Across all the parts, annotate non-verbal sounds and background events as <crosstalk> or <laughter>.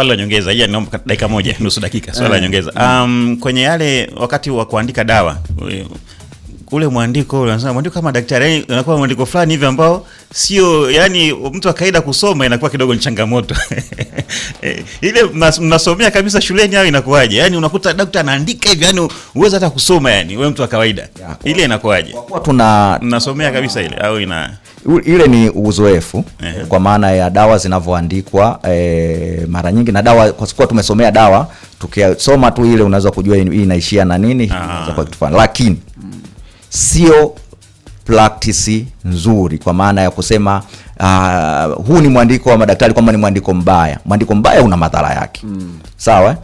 Swala la nyongeza hii, naomba dakika moja nusu dakika, swala la eh. nyongeza um, kwenye yale wakati wa kuandika dawa ule mwandiko unasema mwandiko kama daktari, yani unakuwa mwandiko fulani hivi ambao sio, yani mtu wa kusoma inakuwa kidogo ni changamoto <laughs> eh, ile mnasomea kabisa shuleni au inakuwaje? Yani unakuta daktari anaandika hivi, yani uweze hata kusoma, yani wewe mtu wa kawaida ya, ile inakuwaje? Kwa kuwa tuna mnasomea kabisa ile au ina ile ni uzoefu yeah. Kwa maana ya dawa zinavyoandikwa e, mara nyingi na dawa, kwa sababu tumesomea dawa, tukisoma tu ile unaweza kujua hii inaishia na nini, ah. lakini sio practice nzuri, kwa maana ya kusema uh, huu ni mwandiko wa madaktari kwamba ni mwandiko mbaya. Mwandiko mbaya una madhara yake mm. Sawa,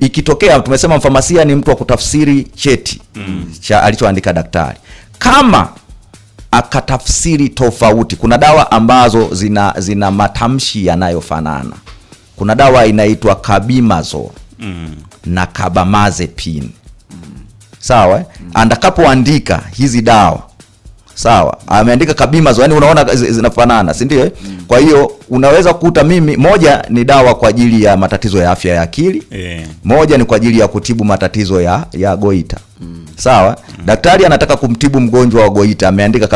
ikitokea tumesema mfamasia ni mtu wa kutafsiri cheti mm. cha alichoandika daktari, kama akatafsiri tofauti. Kuna dawa ambazo zina, zina matamshi yanayofanana. Kuna dawa inaitwa kabimazo mm. na kabamazepine sawa mm. Eh? Andakapoandika hizi dawa sawa, ameandika kabimazo, yani unaona zinafanana, si ndio eh? mm. Kwa hiyo unaweza kukuta mimi, moja ni dawa kwa ajili ya matatizo ya afya ya akili yeah. Moja ni kwa ajili ya kutibu matatizo ya, ya goita mm. Sawa mm. Daktari anataka kumtibu mgonjwa wa goita, ameandika mm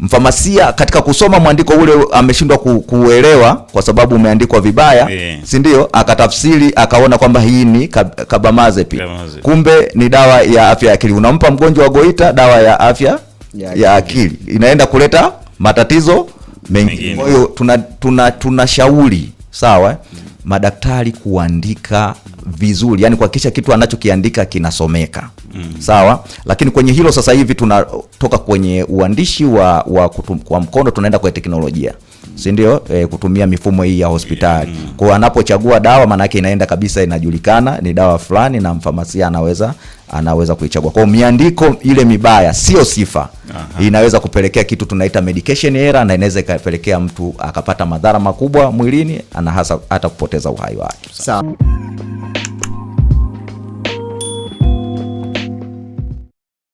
mfamasia katika kusoma mwandiko ule ameshindwa ku, kuelewa kwa sababu umeandikwa vibaya yeah. si ndio? Akatafsiri akaona kwamba hii ni kab, kabamazepi Kabamaze. Kumbe ni dawa ya afya ya akili. Unampa mgonjwa wa goita dawa ya afya ya, ya akili inaenda kuleta matatizo mengi. Kwa hiyo tuna tunashauri tuna sawa, madaktari kuandika vizuri, yani kuhakikisha kitu anachokiandika kinasomeka mm. Sawa, lakini kwenye hilo sasa hivi tunatoka kwenye uandishi wa, wa kutum, kwa mkono tunaenda kwenye teknolojia si ndio? E, kutumia mifumo hii ya hospitali mm. Kwa anapochagua dawa, maana yake inaenda kabisa, inajulikana ni dawa fulani, na mfamasia anaweza anaweza kuichagua. Kwa miandiko ile mibaya sio sifa. Aha. Inaweza kupelekea kitu tunaita medication error, na inaweza ikapelekea mtu akapata madhara makubwa mwilini, ana hasa hata kupoteza uhai wake. Sawa.